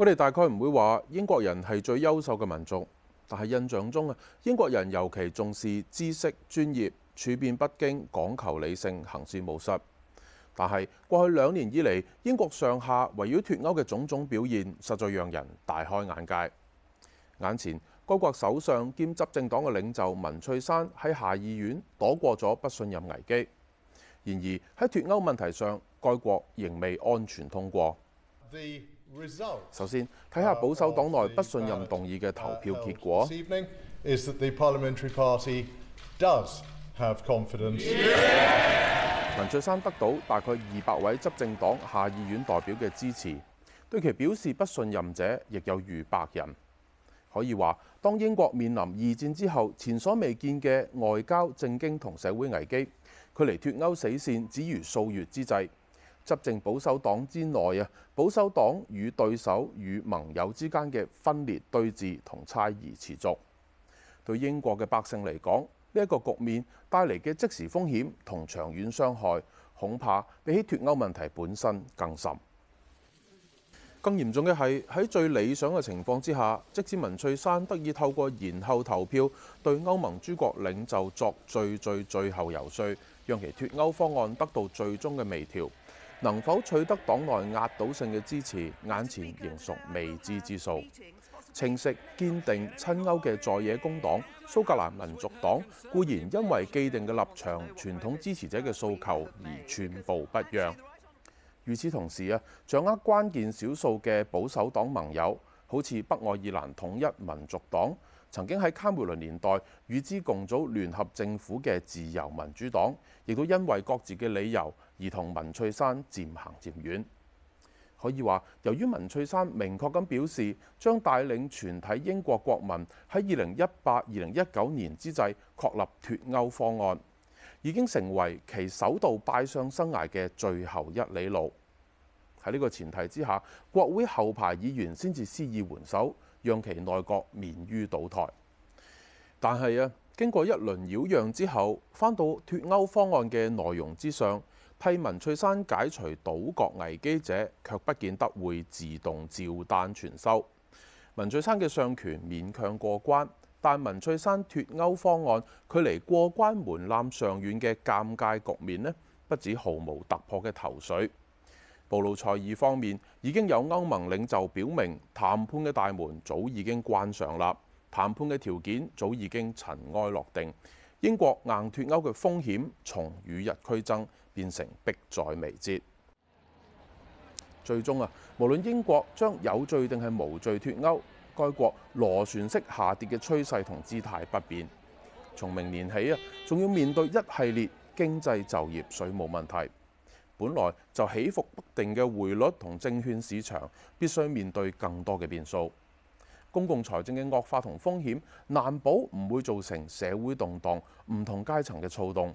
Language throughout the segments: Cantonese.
我哋大概唔會話英國人係最優秀嘅民族，但係印象中啊，英國人尤其重視知識、專業、處變不驚、講求理性、行事務實。但係過去兩年以嚟，英國上下圍繞脫歐嘅種種表現，實在讓人大開眼界。眼前，該國首相兼執政黨嘅領袖文翠珊喺下議院躲過咗不信任危機，然而喺脫歐問題上，該國仍未安全通過。首先睇下保守黨內不信任動議嘅投票結果。文翠 Yeah! 珊得到大概二百位執政黨下議院代表嘅支持，對其表示不信任者亦有逾百人。可以話，當英國面臨二戰之後前所未見嘅外交、政經同社會危機，距離脱歐死線只餘數月之際。執政保守黨之內啊，保守黨與對手與盟友之間嘅分裂對峙同猜疑持續，對英國嘅百姓嚟講，呢、這、一個局面帶嚟嘅即時風險同長遠傷害，恐怕比起脱歐問題本身更甚。更嚴重嘅係，喺最理想嘅情況之下，即使文翠珊得以透過延後投票對歐盟諸國領袖作最最最最後游說，讓其脱歐方案得到最終嘅微調。能否取得黨內壓倒性嘅支持，眼前仍屬未知之數。情色堅定親歐嘅在野工黨、蘇格蘭民族黨固然因為既定嘅立場、傳統支持者嘅訴求而寸步不讓。與此同時啊，掌握關鍵少數嘅保守黨盟友，好似北愛爾蘭統一民族黨，曾經喺卡梅倫年代與之共組聯合政府嘅自由民主黨，亦都因為各自嘅理由。而同文翠珊漸行漸遠，可以話，由於文翠珊明確咁表示將帶領全體英國國民喺二零一八、二零一九年之際確立脫歐方案，已經成為其首度拜相生涯嘅最後一里路。喺呢個前提之下，國會後排議員先至施以援手，讓其內閣免於倒台。但係啊，經過一輪擾攘之後，翻到脫歐方案嘅內容之上。替文翠珊解除倒閣危機者，卻不見得會自動照單全收。文翠珊嘅相權勉強過關，但文翠珊脫歐方案距離過關門檻尚遠嘅尷尬局面呢，不止毫無突破嘅頭緒。布魯塞爾方面已經有歐盟領袖表明，談判嘅大門早已經關上啦，談判嘅條件早已經塵埃落定，英國硬脫歐嘅風險從與日俱增。變成迫在眉睫。最終啊，無論英國將有序定係無序脱歐，該國螺旋式下跌嘅趨勢同姿態不變。從明年起啊，仲要面對一系列經濟、就業、稅務問題。本來就起伏不定嘅匯率同證券市場，必須面對更多嘅變數。公共財政嘅惡化同風險，難保唔會造成社會動盪，唔同階層嘅躁動。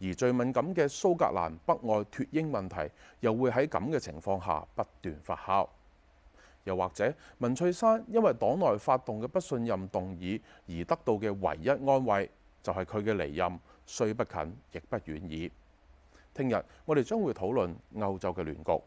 而最敏感嘅蘇格蘭北愛脱英問題，又會喺咁嘅情況下不斷發酵。又或者，文翠珊因為黨內發動嘅不信任動議而得到嘅唯一安慰，就係佢嘅離任，雖不近亦不遠矣。聽日我哋將會討論歐洲嘅亂局。